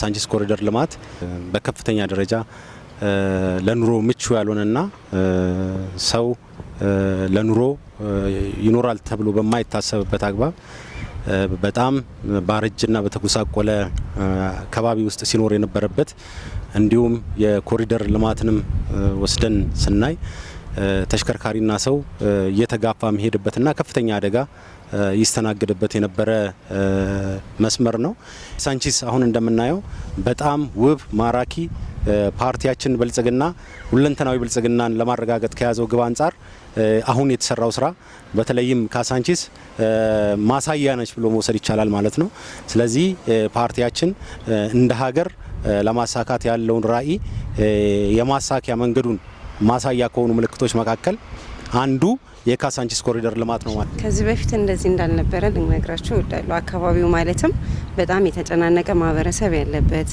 የሳንቺስ ኮሪደር ልማት በከፍተኛ ደረጃ ለኑሮ ምቹ ያልሆነና ሰው ለኑሮ ይኖራል ተብሎ በማይታሰብበት አግባብ በጣም ባረጅና በተጎሳቆለ ከባቢ ውስጥ ሲኖር የነበረበት እንዲሁም የኮሪደር ልማትንም ወስደን ስናይ ተሽከርካሪና ሰው እየተጋፋ መሄድበትና ከፍተኛ አደጋ ይስተናግድበት የነበረ መስመር ነው። ሳንቺስ አሁን እንደምናየው በጣም ውብ ማራኪ ፓርቲያችን ብልጽግና ሁለንተናዊ ብልጽግናን ለማረጋገጥ ከያዘው ግብ አንጻር አሁን የተሰራው ስራ በተለይም ካሳንቺስ ማሳያ ነች ብሎ መውሰድ ይቻላል ማለት ነው። ስለዚህ ፓርቲያችን እንደ ሀገር ለማሳካት ያለውን ራዕይ የማሳኪያ መንገዱን ማሳያ ከሆኑ ምልክቶች መካከል አንዱ የካሳንቺስ ኮሪደር ልማት ነው ማለት። ከዚህ በፊት እንደዚህ እንዳልነበረ ልነግራችሁ እወዳለሁ። አካባቢው ማለትም በጣም የተጨናነቀ ማህበረሰብ ያለበት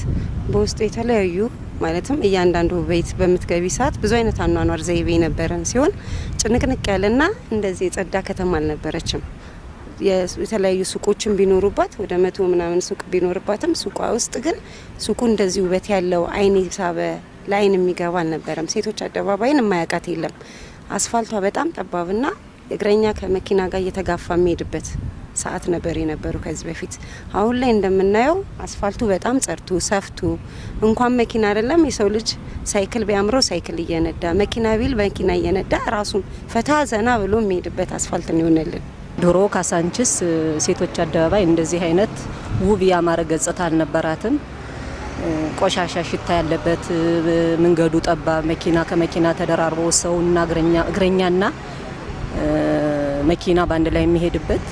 በውስጡ የተለያዩ ማለትም እያንዳንዱ ቤት በምትገቢ ሰዓት ብዙ አይነት አኗኗር ዘይቤ የነበረን ሲሆን ጭንቅንቅ ያለና እንደዚህ የጸዳ ከተማ አልነበረችም። የተለያዩ ሱቆችን ቢኖሩባት ወደ መቶ ምናምን ሱቅ ቢኖርባትም ሱቋ ውስጥ ግን ሱቁ እንደዚህ ውበት ያለው አይን ሳበ ለአይን የሚገባ አልነበረም። ሴቶች አደባባይን የማያውቃት የለም። አስፋልቷ በጣም ጠባብና እግረኛ ከመኪና ጋር እየተጋፋ የሚሄድበት ሰዓት ነበር የነበሩ ከዚህ በፊት። አሁን ላይ እንደምናየው አስፋልቱ በጣም ጸድቶ ሰፍቶ እንኳን መኪና አይደለም የሰው ልጅ ሳይክል ቢያምረው ሳይክል እየነዳ መኪና ቢል መኪና እየነዳ ራሱን ፈታ ዘና ብሎ የሚሄድበት አስፋልት ነው ድሮ ካሳንችስ ሴቶች አደባባይ እንደዚህ አይነት ውብ ያማረ ገጽታ አልነበራትም። ቆሻሻ ሽታ ያለበት መንገዱ ጠባብ፣ መኪና ከመኪና ተደራርቦ ሰውና እግረኛና መኪና በአንድ ላይ የሚሄድበት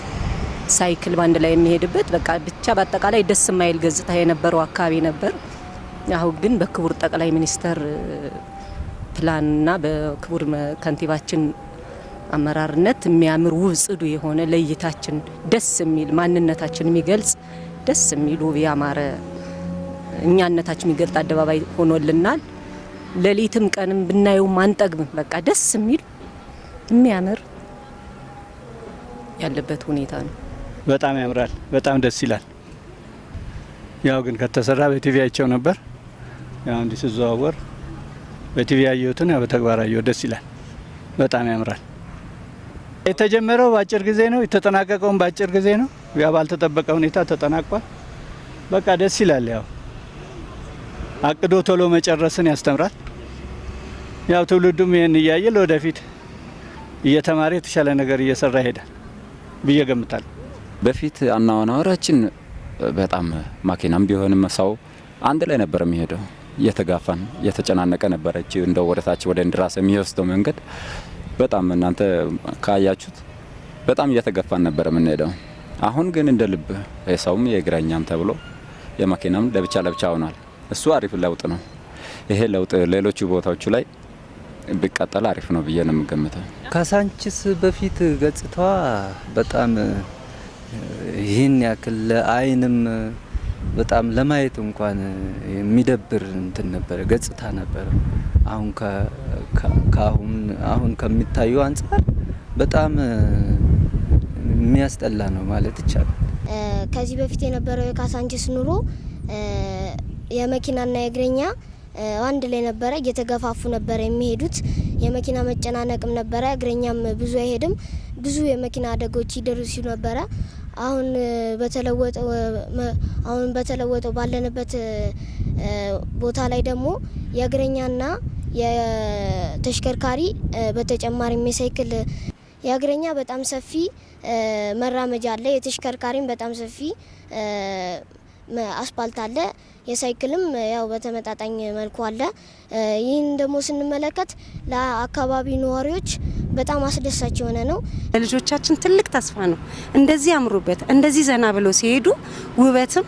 ሳይክል በአንድ ላይ የሚሄድበት በቃ ብቻ በአጠቃላይ ደስ የማይል ገጽታ የነበረው አካባቢ ነበር። አሁን ግን በክቡር ጠቅላይ ሚኒስተር ፕላንና በክቡር ከንቲባችን አመራርነት የሚያምር ውብ ጽዱ የሆነ ለእይታችን ደስ የሚል ማንነታችን የሚገልጽ ደስ የሚል ውብ ያማረ እኛነታችን የሚገልጥ አደባባይ ሆኖልናል። ሌሊትም ቀንም ብናየውም አንጠግብም። በቃ ደስ የሚል የሚያምር ያለበት ሁኔታ ነው። በጣም ያምራል። በጣም ደስ ይላል። ያው ግን ከተሰራ በቲቪ አይቸው ነበር። ያው እንዲህ ስዘዋወር በቲቪ ያየሁትን ያው በተግባር አየሁ። ደስ ይላል። በጣም ያምራል። የተጀመረው በአጭር ጊዜ ነው፣ የተጠናቀቀውም በአጭር ጊዜ ነው። ያ ባልተጠበቀ ሁኔታ ተጠናቋል። በቃ ደስ ይላል ያው አቅዶ ቶሎ መጨረስን ያስተምራል። ያው ትውልዱም ይህን እያየ ለወደፊት እየተማረ የተሻለ ነገር እየሰራ ይሄዳል ብዬ ገምታል በፊት አናወናወራችን በጣም ማኪናም ቢሆንም ሰው አንድ ላይ ነበር የሚሄደው። እየተጋፋን እየተጨናነቀ ነበረች። እንደ ወደታች ወደ እንድራስ የሚወስደው መንገድ በጣም እናንተ ካያችሁት በጣም እየተገፋን ነበር የምንሄደው። አሁን ግን እንደ ልብ የሰውም የእግረኛም ተብሎ የማኪናም ለብቻ ለብቻ ሆኗል። እሱ አሪፍ ለውጥ ነው። ይሄ ለውጥ ሌሎቹ ቦታዎቹ ላይ ቢቀጠል አሪፍ ነው ብዬ ነው የምገምተው። ከሳንቺስ በፊት ገጽታዋ በጣም ይህን ያክል ለአይንም በጣም ለማየት እንኳን የሚደብር እንትን ነበረ ገጽታ ነበረ። አሁን ከአሁን አሁን ከሚታዩ አንጻር በጣም የሚያስጠላ ነው ማለት ይቻላል። ከዚህ በፊት የነበረው የካሳንቺስ ኑሮ የመኪናና የእግረኛ አንድ ላይ ነበረ፣ እየተገፋፉ ነበረ የሚሄዱት። የመኪና መጨናነቅም ነበረ፣ እግረኛም ብዙ አይሄድም። ብዙ የመኪና አደጎች ይደርሱ ነበረ። አሁን በተለወጠው አሁን በተለወጠው ባለንበት ቦታ ላይ ደግሞ የእግረኛና የተሽከርካሪ በተጨማሪም የሳይክል የእግረኛ በጣም ሰፊ መራመጃ አለ። የተሽከርካሪም በጣም ሰፊ አስፓልት አለ። የሳይክልም ያው በተመጣጣኝ መልኩ አለ። ይህን ደግሞ ስንመለከት ለአካባቢ ነዋሪዎች በጣም አስደሳች የሆነ ነው። ለልጆቻችን ትልቅ ተስፋ ነው። እንደዚህ አምሩበት እንደዚህ ዘና ብለው ሲሄዱ ውበትም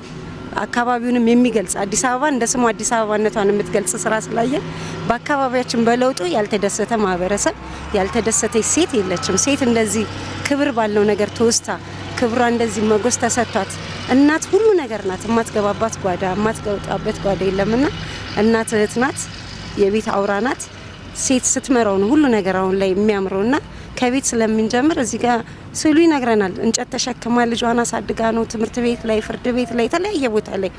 አካባቢውንም የሚገልጽ አዲስ አበባ እንደ ስሙ አዲስ አበባነቷን የምትገልጽ ስራ ስላየን በአካባቢያችን በለውጡ ያልተደሰተ ማህበረሰብ ያልተደሰተች ሴት የለችም። ሴት እንደዚህ ክብር ባለው ነገር ተወስታ ክብሯ እንደዚህ መጎስ ተሰጥቷት እናት ሁሉ ነገር ናት። የማትገባባት ጓዳ የማትገባበት ጓዳ የለምና እናት እህት ናት፣ የቤት አውራ ናት። ሴት ስትመራው ነው ሁሉ ነገር አሁን ላይ እና ከቤት ስለምንጀምር እዚህ ጋር ስሉ ይነግረናል። እንጨት ተሸክማ ልጇን አሳድጋ ነው ትምህርት ቤት ላይ፣ ፍርድ ቤት ላይ፣ የተለያየ ቦታ ላይ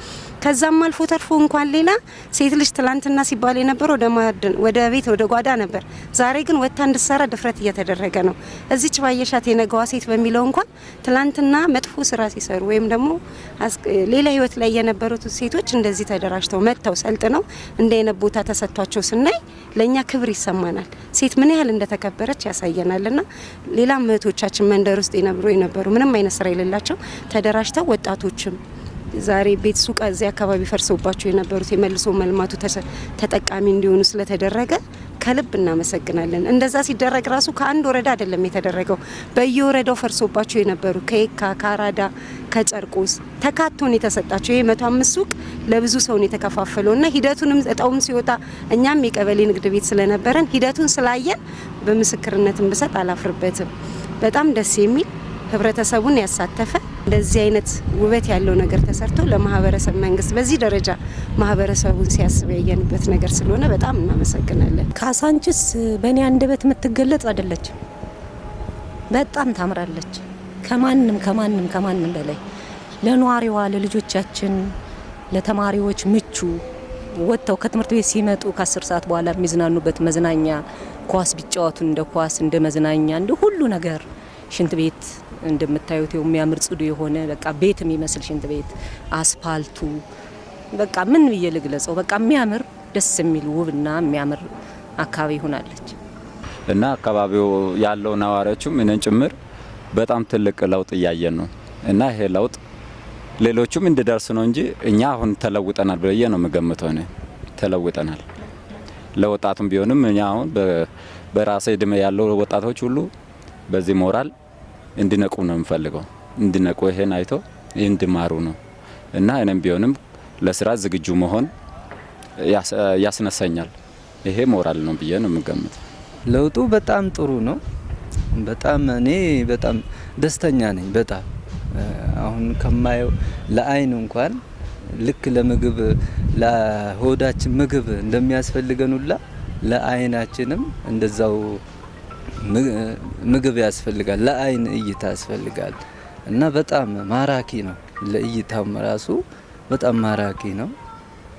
ከዛም አልፎ ተርፎ እንኳን ሌላ ሴት ልጅ ትላንትና ሲባል የነበረው ወደ ማዕድን ወደ ቤት ወደ ጓዳ ነበር። ዛሬ ግን ወጥታ እንድትሰራ ድፍረት እየተደረገ ነው። እዚች ባየሻት የነገዋ ሴት በሚለው እንኳን ትላንትና መጥፎ ስራ ሲሰሩ ወይም ደግሞ ሌላ ህይወት ላይ የነበሩት ሴቶች እንደዚህ ተደራጅተው መጥተው ሰልጥነው እንደ አይነት ቦታ ተሰጥቷቸው ስናይ ለእኛ ክብር ይሰማናል። ሴት ምን ያህል እንደተከበረች ያሳየናልና ሌላ እህቶቻችን መንደር ውስጥ የነበሩ የነበሩ ምንም አይነት ስራ የሌላቸው ተደራጅተው ወጣቶችም ዛሬ ቤት ሱቅ እዚያ አካባቢ ፈርሰውባቸው የነበሩት የመልሶ መልማቱ ተጠቃሚ እንዲሆኑ ስለተደረገ ከልብ እናመሰግናለን። እንደዛ ሲደረግ ራሱ ከአንድ ወረዳ አይደለም የተደረገው። በየወረዳው ፈርሶባቸው የነበሩ ከየካ፣ ከአራዳ፣ ከጨርቆስ ተካቶን የተሰጣቸው ይህ መቶ አምስት ሱቅ ለብዙ ሰውን የተከፋፈለው እና ሂደቱንም እጣውም ሲወጣ እኛም የቀበሌ ንግድ ቤት ስለነበረን ሂደቱን ስላየን በምስክርነትን ብሰጥ አላፍርበትም። በጣም ደስ የሚል ህብረተሰቡን ያሳተፈ እንደዚህ አይነት ውበት ያለው ነገር ተሰርቶ ለማህበረሰብ መንግስት በዚህ ደረጃ ማህበረሰቡን ሲያስብ ያየንበት ነገር ስለሆነ በጣም እናመሰግናለን። ካሳንችስ በእኔ አንደበት የምትገለጽ አይደለችም። በጣም ታምራለች። ከማንም ከማንም ከማንም በላይ ለነዋሪዋ ለልጆቻችን፣ ለተማሪዎች ምቹ ወጥተው ከትምህርት ቤት ሲመጡ ከአስር ሰዓት በኋላ የሚዝናኑበት መዝናኛ ኳስ ቢጫወቱ እንደ ኳስ እንደ መዝናኛ እንደ ሁሉ ነገር ሽንት ቤት እንደምታዩት የሚያምር ጽዱ የሆነ በቃ ቤት የሚመስል ሽንት ቤት አስፋልቱ በቃ ምን ብዬ ልግለጸው? በቃ የሚያምር ደስ የሚል ውብና የሚያምር አካባቢ ሆናለች። እና አካባቢው ያለው ነዋሪዎችም ምንን ጭምር በጣም ትልቅ ለውጥ እያየን ነው እና ይሄ ለውጥ ሌሎቹም እንዲደርስ ነው እንጂ እኛ አሁን ተለውጠናል ብዬ ነው የምገምተው። እኔ ተለውጠናል ለወጣቱም ቢሆንም እኛ አሁን በራሴ እድሜ ያለው ወጣቶች ሁሉ በዚህ ሞራል እንዲነቁ ነው የምፈልገው። እንዲነቁ ይሄን አይቶ እንዲማሩ ነው እና እኔም ቢሆንም ለስራ ዝግጁ መሆን ያስነሳኛል። ይሄ ሞራል ነው ብዬ ነው የምገምት። ለውጡ በጣም ጥሩ ነው። በጣም እኔ በጣም ደስተኛ ነኝ። በጣም አሁን ከማየው ለአይን እንኳን ልክ ለምግብ ለሆዳችን ምግብ እንደሚያስፈልገን ሁላ ለአይናችንም እንደዛው ምግብ ያስፈልጋል፣ ለአይን እይታ ያስፈልጋል እና በጣም ማራኪ ነው። ለእይታም ራሱ በጣም ማራኪ ነው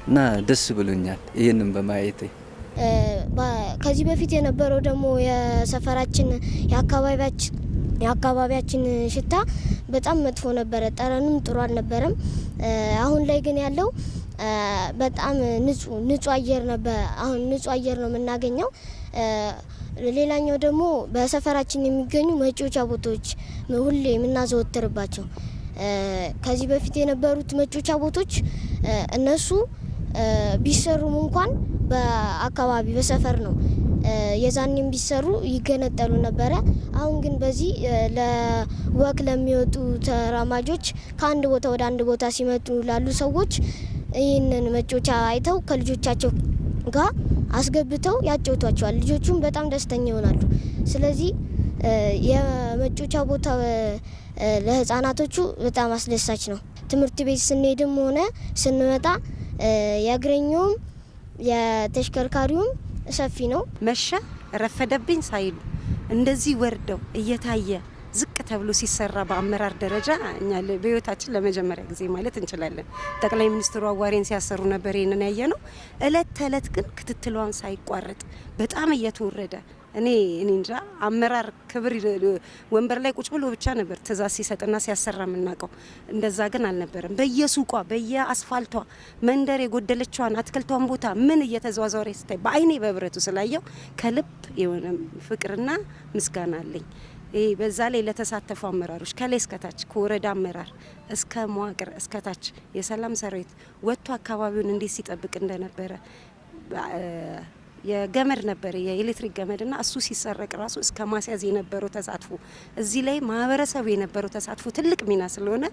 እና ደስ ብሎኛል ይህንን በማየቴ። ከዚህ በፊት የነበረው ደግሞ የሰፈራችን የአካባቢያችን ሽታ በጣም መጥፎ ነበረ። ጠረንም ጥሩ አልነበረም። አሁን ላይ ግን ያለው በጣም ንጹህ አየር ነበር። አሁን ንጹህ አየር ነው የምናገኘው። ሌላኛው ደግሞ በሰፈራችን የሚገኙ መጫወቻ ቦታዎች ሁሌ የምናዘወትርባቸው ከዚህ በፊት የነበሩት መጫወቻ ቦታዎች እነሱ ቢሰሩም እንኳን በአካባቢ በሰፈር ነው። የዛኔም ቢሰሩ ይገነጠሉ ነበረ። አሁን ግን በዚህ ለወቅ ለሚወጡ ተራማጆች ከአንድ ቦታ ወደ አንድ ቦታ ሲመጡ ላሉ ሰዎች ይህንን መጫወቻ አይተው ከልጆቻቸው ጋር አስገብተው ያጫውቷቸዋል። ልጆቹም በጣም ደስተኛ ይሆናሉ። ስለዚህ የመጫወቻ ቦታ ለህፃናቶቹ በጣም አስደሳች ነው። ትምህርት ቤት ስንሄድም ሆነ ስንመጣ የእግረኛውም የተሽከርካሪውም ሰፊ ነው። መሸ ረፈደብኝ ሳይሉ እንደዚህ ወርደው እየታየ ዝቅ ተብሎ ሲሰራ በአመራር ደረጃ እኛ በህይወታችን ለመጀመሪያ ጊዜ ማለት እንችላለን ጠቅላይ ሚኒስትሩ አዋሬን ሲያሰሩ ነበር። ይህንን ያየ ነው። እለት ተእለት ግን ክትትሏን ሳይቋረጥ በጣም እየተወረደ እኔ እኔ እንጃ አመራር ክብር ወንበር ላይ ቁጭ ብሎ ብቻ ነበር ትእዛዝ ሲሰጥና ሲያሰራ የምናውቀው። እንደዛ ግን አልነበረም። በየሱቋ በየአስፋልቷ መንደር የጎደለችዋን አትክልቷን ቦታ ምን እየተዘዋዘረ ስታይ በአይኔ በብረቱ ስላየው ከልብ የሆነ ፍቅርና ምስጋና አለኝ። ይሄ በዛ ላይ ለተሳተፉ አመራሮች ከላይ እስከታች ከወረዳ አመራር እስከ መዋቅር እስከታች የሰላም ሰራዊት ወጥቶ አካባቢውን እንዴት ሲጠብቅ እንደነበረ የገመድ ነበር የኤሌክትሪክ ና እሱ ሲሰረቅ ራሱ እስከ ማስያዝ የነበረው ተሳትፎ እዚህ ላይ ማህበረሰቡ የነበረው ተሳትፎ ትልቅ ሚና ስለሆነ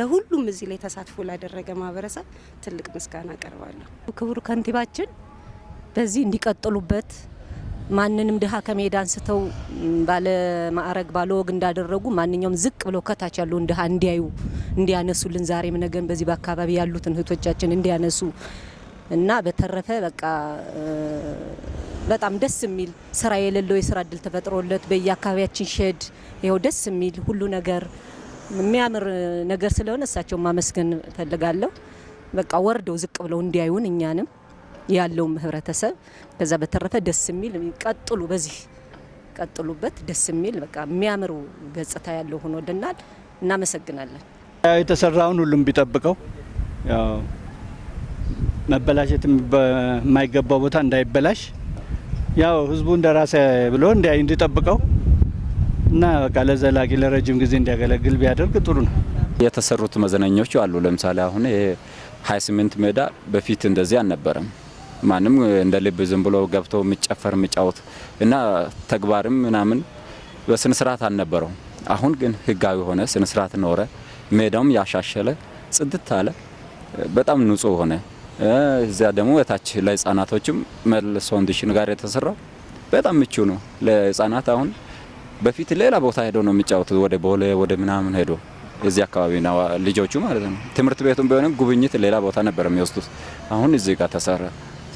ለሁሉም እዚህ ላይ ተሳትፎ ላደረገ ማህበረሰብ ትልቅ ምስጋና አቀርባለሁ። ክቡር ከንቲባችን በዚህ እንዲቀጥሉበት ማንንም ድሃ ከሜዳ አንስተው ባለ ማዕረግ ባለ ወግ እንዳደረጉ ማንኛውም ዝቅ ብለው ከታች ያለውን ድሃ እንዲያዩ እንዲያነሱልን ዛሬም ነገን በዚህ በአካባቢ ያሉትን እህቶቻችን እንዲያነሱ እና በተረፈ በቃ በጣም ደስ የሚል ስራ የሌለው የስራ እድል ተፈጥሮለት በየአካባቢያችን ሸድ ይኸው ደስ የሚል ሁሉ ነገር የሚያምር ነገር ስለሆነ እሳቸውን ማመስገን እፈልጋለሁ። በቃ ወርደው ዝቅ ብለው እንዲያዩን እኛንም ያለውም ህብረተሰብ። ከዛ በተረፈ ደስ የሚል ቀጥሉ፣ በዚህ ቀጥሉበት፣ ደስ የሚል በቃ የሚያምሩ ገጽታ ያለው ሆኖ ደናል። እናመሰግናለን። የተሰራውን ሁሉም ቢጠብቀው መበላሸት በማይገባው ቦታ እንዳይበላሽ ያው ህዝቡ እንደራሴ ብሎ እንዲጠብቀው እና በቃ ለዘላቂ ለረጅም ጊዜ እንዲያገለግል ቢያደርግ ጥሩ ነው። የተሰሩት መዝናኛዎች አሉ። ለምሳሌ አሁን ይሄ 28 ሜዳ በፊት እንደዚህ አልነበረም። ማንም እንደ ልብ ዝም ብሎ ገብቶ የሚጨፈር የሚጫወት እና ተግባርም ምናምን በስነ ስርዓት አልነበረውም። አሁን ግን ህጋዊ ሆነ፣ ስነ ስርዓት ኖረ፣ ሜዳውም ያሻሸለ ጽድት አለ፣ በጣም ንጹህ ሆነ። እዚያ ደግሞ በታች ለህፃናቶችም መልሶ ፋውንዴሽን ጋር የተሰራው በጣም ምቹ ነው ለህፃናት። አሁን በፊት ሌላ ቦታ ሄዶ ነው የሚጫወቱት፣ ወደ ቦሌ ወደ ምናምን ሄዶ እዚህ አካባቢ ልጆቹ ማለት ነው። ትምህርት ቤቱም ቢሆንም ጉብኝት ሌላ ቦታ ነበር የሚወስዱት። አሁን እዚህ ጋር ተሰራ።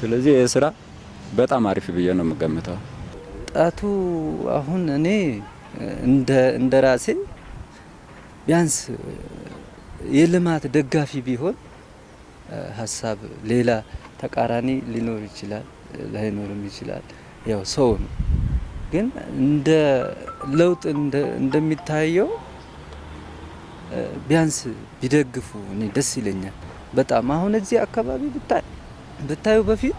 ስለዚህ ይህ ስራ በጣም አሪፍ ብዬ ነው የምገምተው። ጣቱ አሁን እኔ እንደ ራሴ ቢያንስ የልማት ደጋፊ ቢሆን ሀሳብ ሌላ ተቃራኒ ሊኖር ይችላል፣ ላይኖርም ይችላል። ያው ሰው ነው። ግን እንደ ለውጥ እንደሚታየው ቢያንስ ቢደግፉ እኔ ደስ ይለኛል በጣም አሁን እዚህ አካባቢ ብታይ ብታዩ በፊት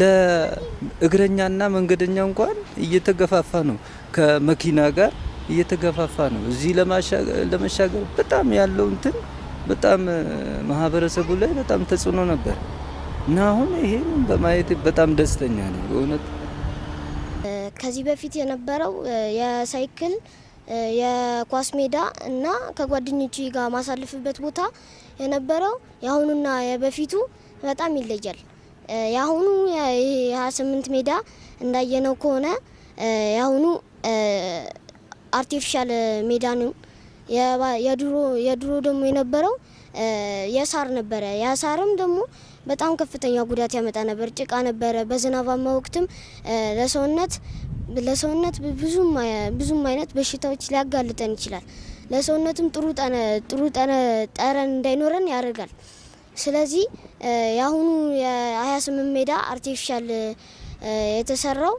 ለእግረኛና መንገደኛ እንኳን እየተገፋፋ ነው፣ ከመኪና ጋር እየተገፋፋ ነው። እዚህ ለመሻገር በጣም ያለው እንትን በጣም ማህበረሰቡ ላይ በጣም ተጽዕኖ ነበር እና አሁን ይሄን በማየት በጣም ደስተኛ ነው በእውነት። ከዚህ በፊት የነበረው የሳይክል የኳስ ሜዳ እና ከጓደኞች ጋር ማሳልፍበት ቦታ የነበረው የአሁኑና የበፊቱ በጣም ይለያል። የአሁኑ የሀያ ስምንት ሜዳ እንዳየነው ከሆነ የአሁኑ አርቲፊሻል ሜዳ ነው። የድሮ የድሮ ደግሞ የነበረው የሳር ነበረ። የሳርም ደግሞ በጣም ከፍተኛ ጉዳት ያመጣ ነበር። ጭቃ ነበረ። በዝናባማ ወቅትም ለሰውነት ለሰውነት ብዙም አይነት በሽታዎች ሊያጋልጠን ይችላል። ለሰውነትም ጥሩ ጠረን እንዳይኖረን ያደርጋል። ስለዚህ የአሁኑ የ ሜዳ አርቲፊሻል የተሰራው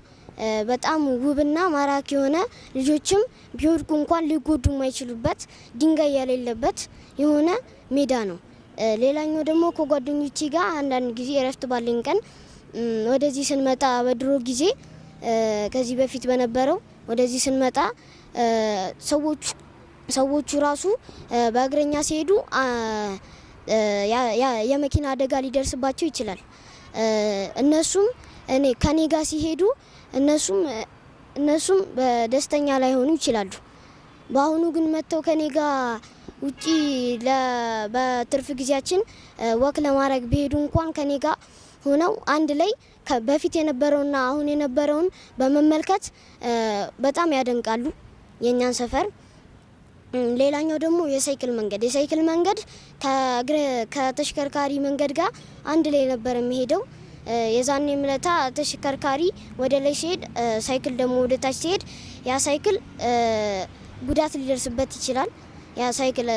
በጣም ውብና ማራኪ የሆነ ልጆችም ቢወድቁ እንኳን ሊጎዱ የማይችሉበት ድንጋይ የሌለበት የሆነ ሜዳ ነው። ሌላኛው ደግሞ ከጓደኞቼ ጋር አንዳንድ ጊዜ እረፍት ባለኝ ቀን ወደዚህ ስንመጣ በድሮ ጊዜ ከዚህ በፊት በነበረው ወደዚህ ስንመጣ ሰዎቹ ራሱ በእግረኛ ሲሄዱ የመኪና አደጋ ሊደርስባቸው ይችላል። እነሱም እኔ ከኔ ጋር ሲሄዱ እነሱም እነሱም በደስተኛ ላይሆኑ ይችላሉ። በአሁኑ ግን መጥተው ከኔ ጋር ውጪ በትርፍ ጊዜያችን ወክ ለማድረግ ቢሄዱ እንኳን ከኔ ጋር ሆነው አንድ ላይ በፊት የነበረውና አሁን የነበረውን በመመልከት በጣም ያደንቃሉ የእኛን ሰፈር ሌላኛው ደግሞ የሳይክል መንገድ የሳይክል መንገድ ከተሽከርካሪ መንገድ ጋር አንድ ላይ ነበር የሚሄደው። የዛኔ ምለታ ተሽከርካሪ ወደ ላይ ሲሄድ፣ ሳይክል ደግሞ ወደ ታች ሲሄድ ያ ሳይክል ጉዳት ሊደርስበት ይችላል። ያ ሳይክል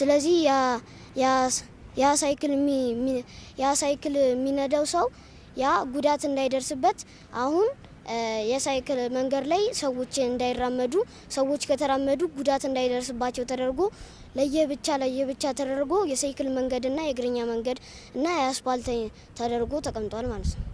ስለዚህ ያ ሳይክል ያ ሳይክል የሚነዳው ሰው ያ ጉዳት እንዳይደርስበት አሁን የሳይክል መንገድ ላይ ሰዎች እንዳይራመዱ ሰዎች ከተራመዱ ጉዳት እንዳይደርስባቸው ተደርጎ ለየብቻ ለየብቻ ተደርጎ የሳይክል መንገድና የእግረኛ መንገድ እና የአስፓልት ተደርጎ ተቀምጧል ማለት ነው።